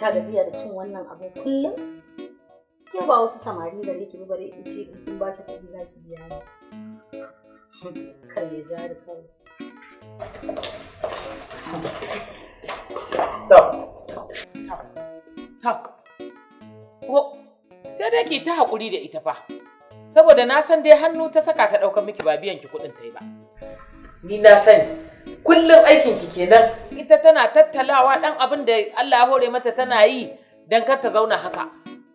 ta gajiya da cin wannan abu kullum ke ba wasu samari da ki bare in ce in sun baki kuɗi za ki biya ni ya ja da ko sai dai ki ta hakuri da ita fa saboda na san dai hannu ta saka ta ɗaukar miki ba biyan ki kuɗin ta yi ba ni na sani kullum aikin ki kenan ita tana tattalawa ɗan abin da Allah ya hore mata tana yi don kar ta zauna haka.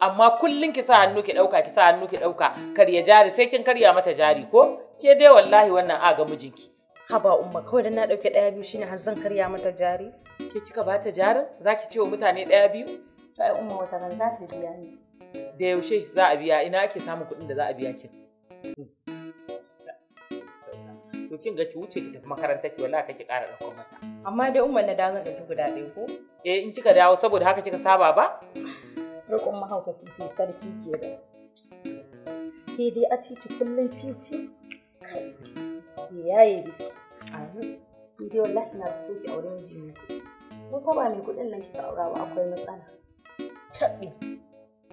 Amma kullum ki sa hannu ki ɗauka ki sa hannu ki ɗauka karya jari sai kin karya mata jari ko ke dai wallahi wannan a ga mijinki. Haba umma kawai dan na ɗauke ɗaya biyu shine har zan karya mata jari. Ke kika bata jarin za ki ce wa mutane ɗaya biyu? To ai umma wata ran za ta biya ni. Da yaushe za a biya ina ake samun kuɗin da za a biya ki? to kin ga ki wuce ki tafi makaranta ki wallahi kake ƙara kuma mata amma dai umman na dawo zan guda ɗaya ko eh in kika dawo saboda haka kika saba ba roƙon mahaukaci sai sarki ke da ke dai a cici kullum cici kai yi biki ni dai wallahi na so ki aure ne. ko ko ba mai kuɗin nan kika aura ba akwai matsala Tabbi,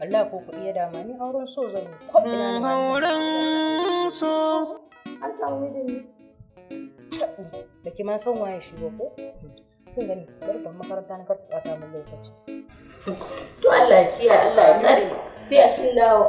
Allah ko kuɗi ya dama ni auren so zan yi ina na auren so an samu mijin ne shaɗu da ki ma san waye shi ba ko kin gani barkan makaranta na karɓa ta mun lokaci to Allah ya Allah ya tsare sai a kin dawo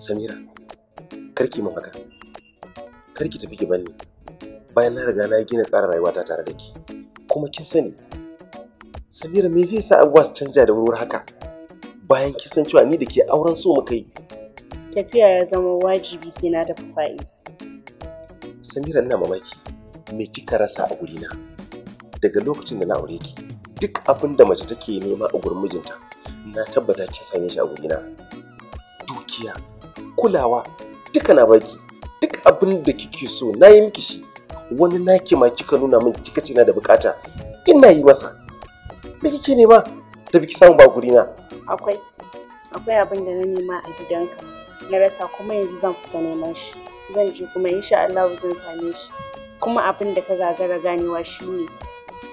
samira karki mafaka, karki tafi ki banni bayan na riga na gina tsarin rayuwata tare da ki kuma kin sani samira me zai sa abubuwa su canja da wuri haka bayan kin san ni da ke auren so muka yi tafiya ya zama wajibi sai na tafi fa'is samira ina mamaki me kika rasa a gurina daga lokacin da na aure ki duk abin da mace take nema a gurin mijinta na tabbata kin same shi a gurina dukiya kulawa duka na baki duk abin da kike so na yi miki shi wani naki ma kika nuna min kika ce na da bukata ina yi masa me kike nema da biki samu ba guri na akwai akwai abin da na nema a gidanka na rasa kuma yanzu zan fita neman shi zan je kuma insha Allah zan same shi kuma abin da ka gagara ganewa shine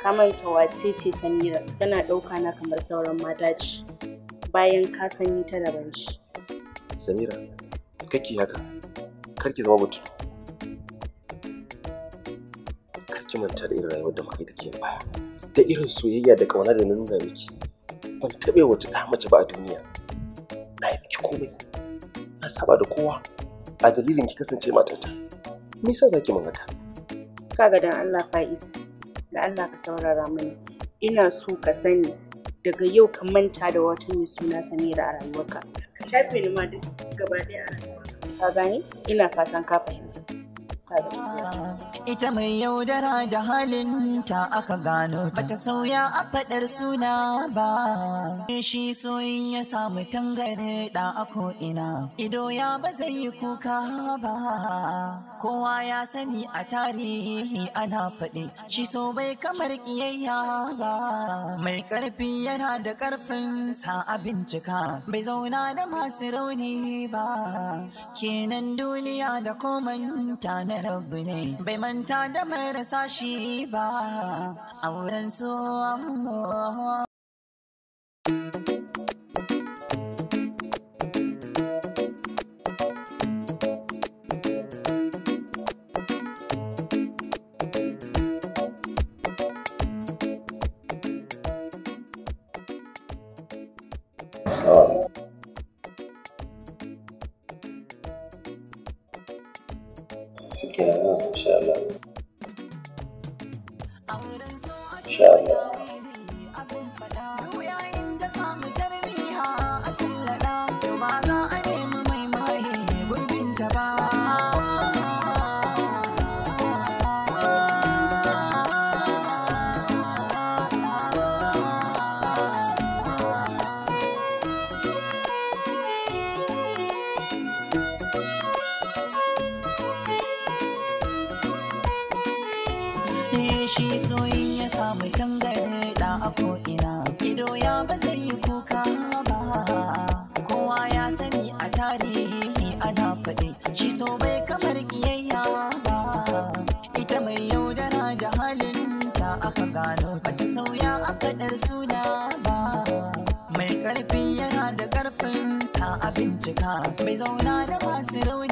ka manta wace ce Samira tana ɗauka na kamar sauran mata ce bayan ka sani ta ban shi Samira kake haka karki zama mutum karki manta da irin rayuwar da muka yi da ke baya da irin soyayya da kauna da na nuna miki ban taɓa wata ɗa mace ba a duniya na yi miki komai na saba da kowa a dalilin ki kasance matata me yasa zaki mun haka Ka ga dan Allah Faiz da Allah ka saurara mani ina so ka sani daga yau ka manta da wata mai suna Samira a rayuwarka ka shafe ni ma duk gaba ɗaya a ka gani ina fatan ka fahimta Ita mai yaudara da halin ta aka gano bata sauya a faɗar suna ba. Shi soyin ya samu tangare da a ina? ido ya ba zai yi kuka ba. kowa ya sani a tarihi ana faɗi shi so bai kamar kiyayya ba mai ƙarfi yana da ƙarfin sa a bincika bai zauna da masu rauni ba kenan duniya da komanta na rabu ne bai manta da marasa shi ba A wurin su Thank ah, ah, ah. cika zauna da masu rauni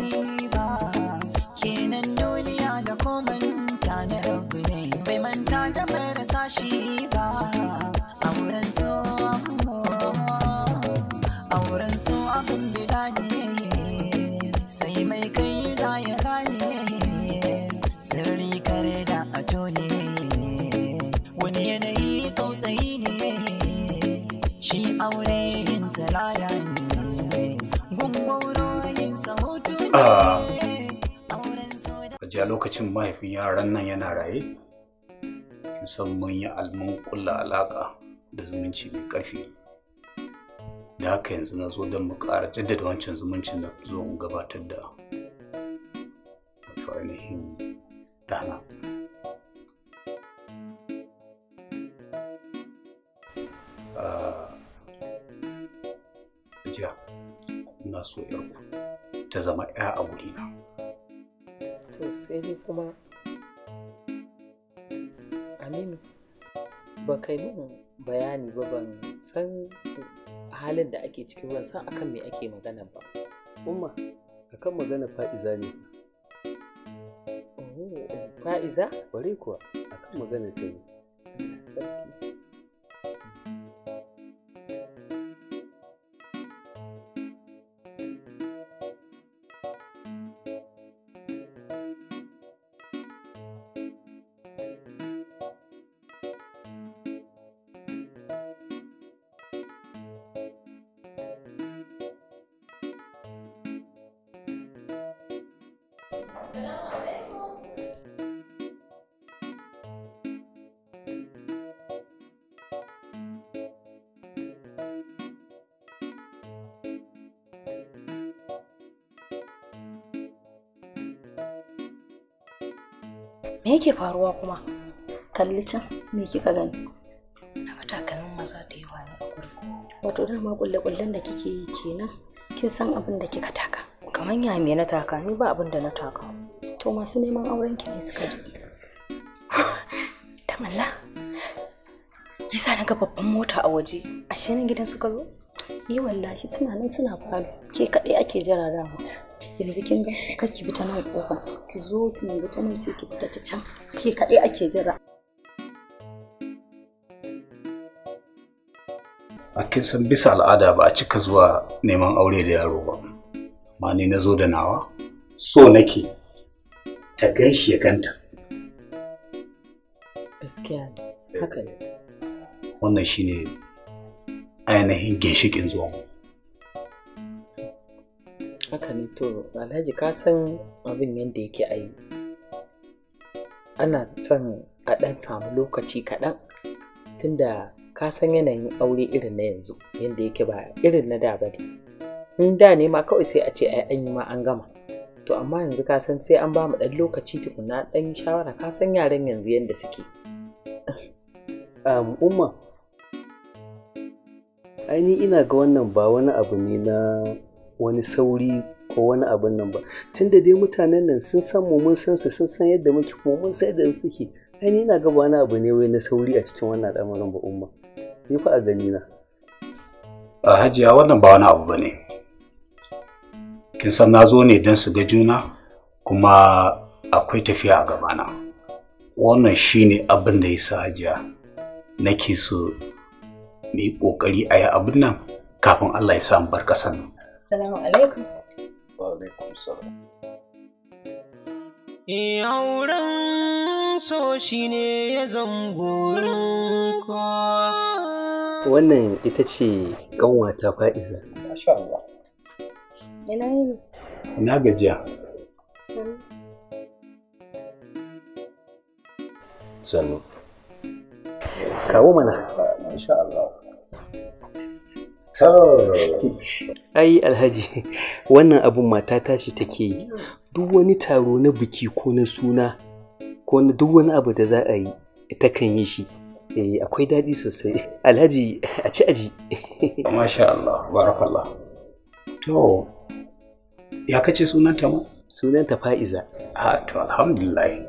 ya lokacin mahaifin yaran nan yana raye san mun yi almun kulla alaƙa da zumunci mai ƙarfi da haka yanzu na zo don mu ƙara jaddada wancan zumuncin da zo in gabatar da ainihin dana ah, jiya ta zama 'ya a wurina. to sai dai kuma aminu ba kai min bayani ba ban san halin da ake ciki ban san akan me ake magana ba umma akan magana fa'iza ne oh, fa'iza bare kuwa akan magana ta ne sarki me yake faruwa kuma kalli can me kika gani na ga maza da yawa na gurin wato dama kulle kullen da kike yi kenan kin san abin da kika taka kamar ya me na taka ni ba abin da na taka to masu neman auren ki ne suka zo da malla yasa na ga babban mota a waje ashe nan gidan suka zo yi wallahi suna nan suna falo ke kaɗai ake jararawa yanzu kin ga kake bi ta nan kofa ki zo ki nan ta nan sai ki fita ta can ke kaɗai ake jira a kin san bisa al'ada ba a cika zuwa neman aure da yaro ba ma ni na zo da nawa so nake ta shi ya ganta gaskiya ne haka ne wannan shi ne ainihin ginshikin zuwa mu haka ne to alhaji ka san abin yadda yake ayi ana son a ɗan samu lokaci kaɗan tunda ka san yanayin aure irin na yanzu yadda yake ba irin na da ba ne in da ne ma kawai sai a ce ai an yi ma an gama to amma yanzu ka san sai an ba mu ɗan lokaci tukuna ɗan shawara ka san yaran yanzu yadda suke umma ni ina ga wannan ba wani abu ne na wani sauri ko wani abin nan ba tunda dai mutanen nan sun san mu mun san su sun san yadda muke kuma mun san yadda suke ai ni ina ga ba wani abu ne wai na sauri a cikin wannan al'amarin ba umma ni fa a gani na a hajiya wannan ba wani abu bane kin san na zo ne don su ga juna kuma akwai tafiya a gabana wannan shine abin da ya sa hajiya nake so mu yi kokari a yi abin nan kafin Allah ya sa mu bar kasan nan. Assalamu alaikum. Wa alaikum salam. so shine ya zangorin Wannan ita ce ƙanwata fa'iza. Masha Allah. Ina yi Ina gajiya. Sannu. Sannu. Kawo mana. Masha Allah. Ai Alhaji, wannan abun matata ce take yi. Duk wani taro na biki ko na suna ko na duk wani abu da za a yi takan yi shi. Eh, akwai daɗi sosai. Alhaji a ci aji. Masha Allah, barakallah. To, ya kace sunanta ma sunanta fa'iza Ah, to alhamdulillah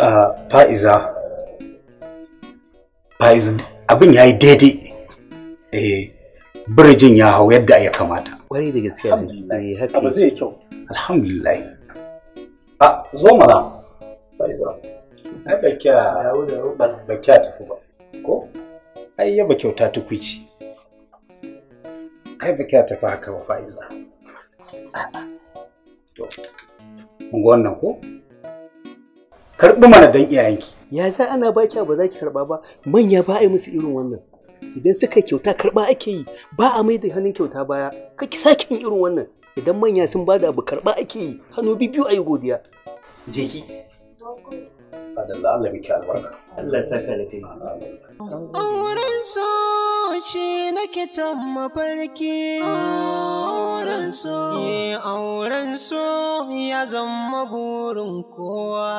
ah, fa'iza fa'iza abin ya yi daidai eh birjin ya hau yadda ya kamata kwarai da gaskiya ne haka ba zai kyau alhamdulillah a ah, zo mana fa'iza ai ba kya ba kya tafi ba ko ai ya ba kyauta tukwici ai ba kya tafi haka ba fa'iza to mun ga wannan ko karbi mana dan iyayenki ya san ana ba kya ba za ki karba ba manya ba ai musu irin wannan idan suka kyauta karba ake yi ba a mai da hannun kyauta baya ka ki sake yin irin wannan idan manya sun bada abu karba ake yi hannu bibiyu ayi godiya jeki madalla Allah albarka Allah ya saka ni auren so shi nake tan mafarki auren so ye auren so ya zama burin kowa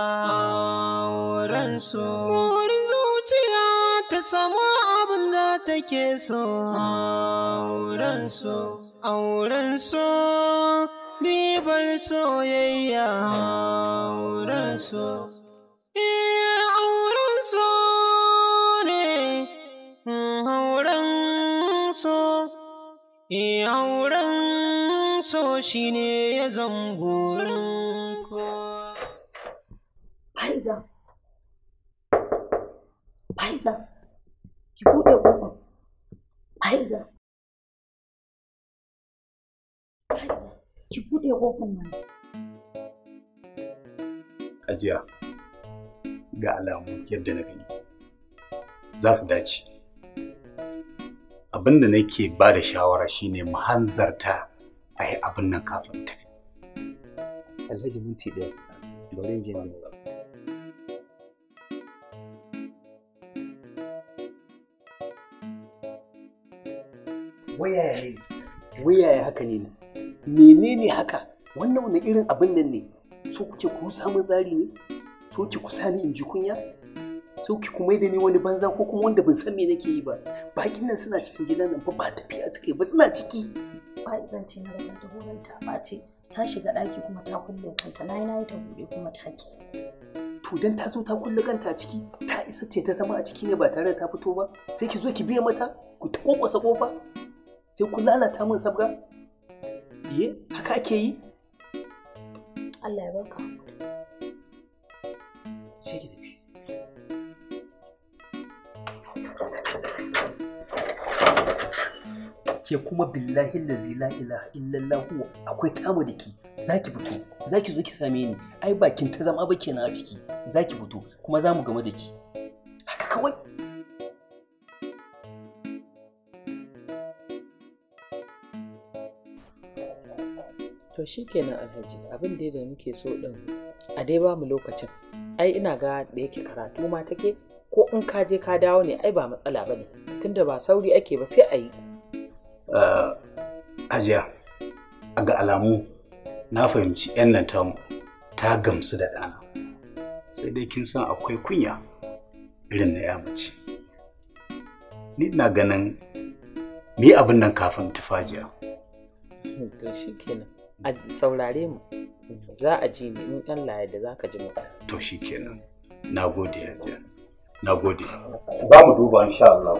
auren so burin zuciya ta samu abin da take so auren so auren so ribar soyayya auren so Eh, auren so ne, mm, auren so, shi ne ya zangorin Faiza, Faiza, ki buɗe ƙofa. Faiza, Faiza, ki buɗe Ajiya. ga alamu yadda na gani za su dace abin da nake ba da shawara shine mu hanzarta a yi abin nan kafin ta alhaji minti ɗaya bari je ne ya ne ya haka ne menene haka wannan wani irin abin nan ne so kuke kuma samun tsari ne so ki kusa ni in ji kunya so ki kuma da ni wani banza ko kuma wanda ban san me nake yi ba bakin nan suna cikin gidan nan fa ba tafiya suka yi ba suna ciki ba izan ce na rabin ta horon ta ce ta shiga ɗaki kuma ta kulle kanta na yi ta buɗe kuma ta ki to dan ta zo ta kulle kanta ciki ta isa ce ta zama a ciki ne ba tare da ta fito ba sai ki zo ki biya mata ku ta kokosa kofa sai ku lalata min sabga eh haka ake yi Allah ya baka hakuri ke kuma billahi la zila ilaha illallah akwai kama da ki zaki fito zaki zo ki same ni ai bakin ta zama ba kenan a ciki zaki fito kuma za mu game da ki haka kawai to shi kenan alhaji abin dai da muke so din a dai ba mu lokacin ai ina ga da yake karatu ma take ko in ka je ka dawo ne ai ba matsala bane tunda ba sauri ake ba sai a yi Eh, ajiya a ga alamu na fahimci 'yan nan ta ta gamsu da ɗana sai dai kin san akwai kunya irin na ya mace ni na ganin mi abin nan kafin tufajiya to shi kenan a saurare mu za a ji ni in Allah laye da za ka ji mutu to shi kenan na gode ji na gode za mu duba insha Allah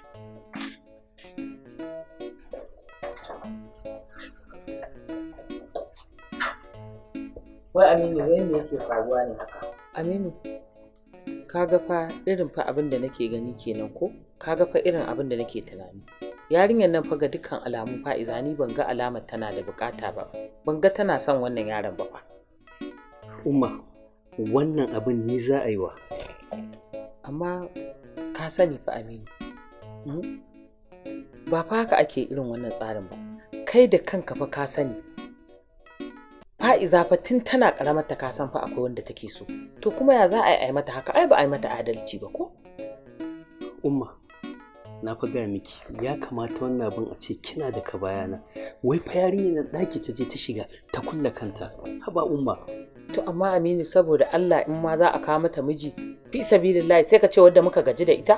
wai aminu wai me yake faruwa ne haka aminu kaga fa irin fa abin da nake gani kenan ko kaga fa irin abin da nake tunani yarinyar nan fa ga dukkan alamu iza ni ban ga alamar tana da bukata ba ban ga tana son wannan yaron ba fa umma wannan abin ni za a yi wa amma ka sani fa aminu hmm? ba fa haka ake irin wannan tsarin ba kai da kanka fa ka sani fa'iza fa tun tana karamar ta kasan fa akwai wanda take so to kuma ya za a yi mata haka ai ba a yi mata adalci ba ko umma na fi gaya miki ya kamata wannan abin a ce kina da ka bayana wai fa yarinya na ɗaki ta je ta shiga ta kulla kanta haba umma to amma aminu saboda Allah in ma za a kawo mata miji fi sabilillahi sai ka ce wadda muka gaji da ita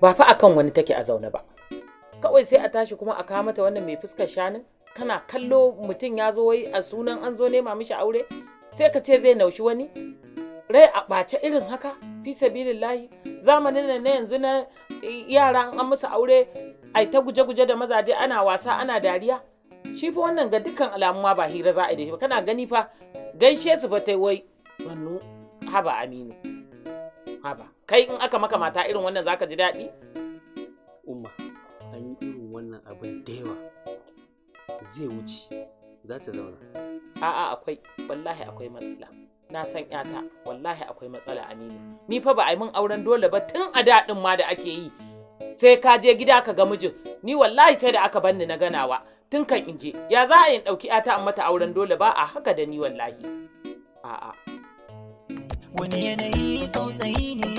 ba fa akan wani take a zaune ba kawai sai a tashi kuma a kawo mata wannan mai fuskar shanin kana kallo mutum ya zo wai a sunan an zo nema mishi aure sai ka ce zai naushi wani rai a ɓace irin haka fi sabilillahi zamanin nan na yanzu na yara an musu aure ai ta guje-guje da mazaje ana wasa ana dariya shi fa wannan ga dukkan alamu ba hira za a yi da kana gani fa gaishe su ba ta wai Wannu, haba aminu haba kai in aka maka mata irin wannan zaka ji daɗi umma an yi irin wannan abin da zai wuce za ta zauna a'a akwai wallahi akwai matsala na san yata wallahi akwai matsala aminu ni fa ba a yi min auren dole ba tun a daɗin ma da ake yi sai ka je gida ka ga mijin ni wallahi sai da aka banni na ganawa tun kan in je ya za a yi ɗauki yata in mata auren dole ba a haka da ni wallahi a'a wani yanayi tsautsayi ne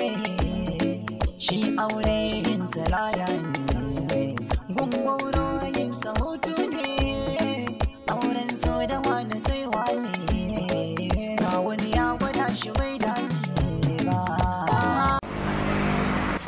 shi aure yin salaya ne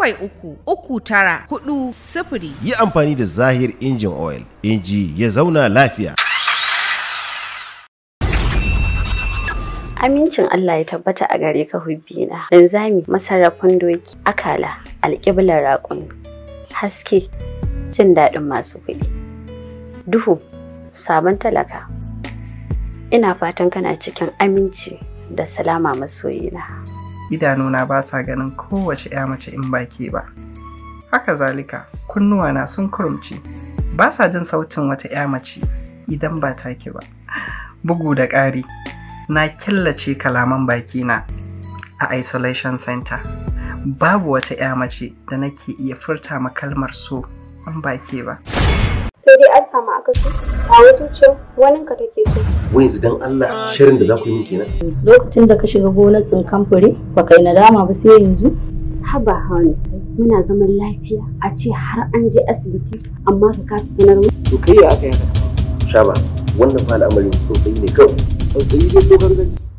bakwai uku uku tara hudu sifiri. Yi amfani da Zahir injin oil, inji ya zauna lafiya. Amincin Allah ya tabbata a gare ka hubbina, linzami masarrafin doki, akala, alƙiblar raƙon, haske, cin daɗin masu kuɗi. Duhu, sabon talaka. Ina fatan kana cikin aminci da salama masoyina. idanuna ba sa ganin kowace ya mace in baki ba haka zalika kunnuwana sun kurumci. ba sa jin sautin wata ya mace idan ba take ba bugu da ƙari na killace kalaman bakina a isolation center babu wata ya mace da nake iya furta ma kalmar so in baki ba. sai dai an samu akasi a wasu zuciyar wanin ka take so. Wai yanzu dan Allah ah, shirin da za ku yi kenan. Lokacin da ka shiga gonar tsinkan fure ba kai nadama ba sai yanzu. Haba hani muna zaman lafiya a ce har an je asibiti amma ka kasa sanar mu. To kai ya aka yi haka. Shaba wannan fa al'amarin sosai ne kawai. Tsautsayi ne ko gargajiya.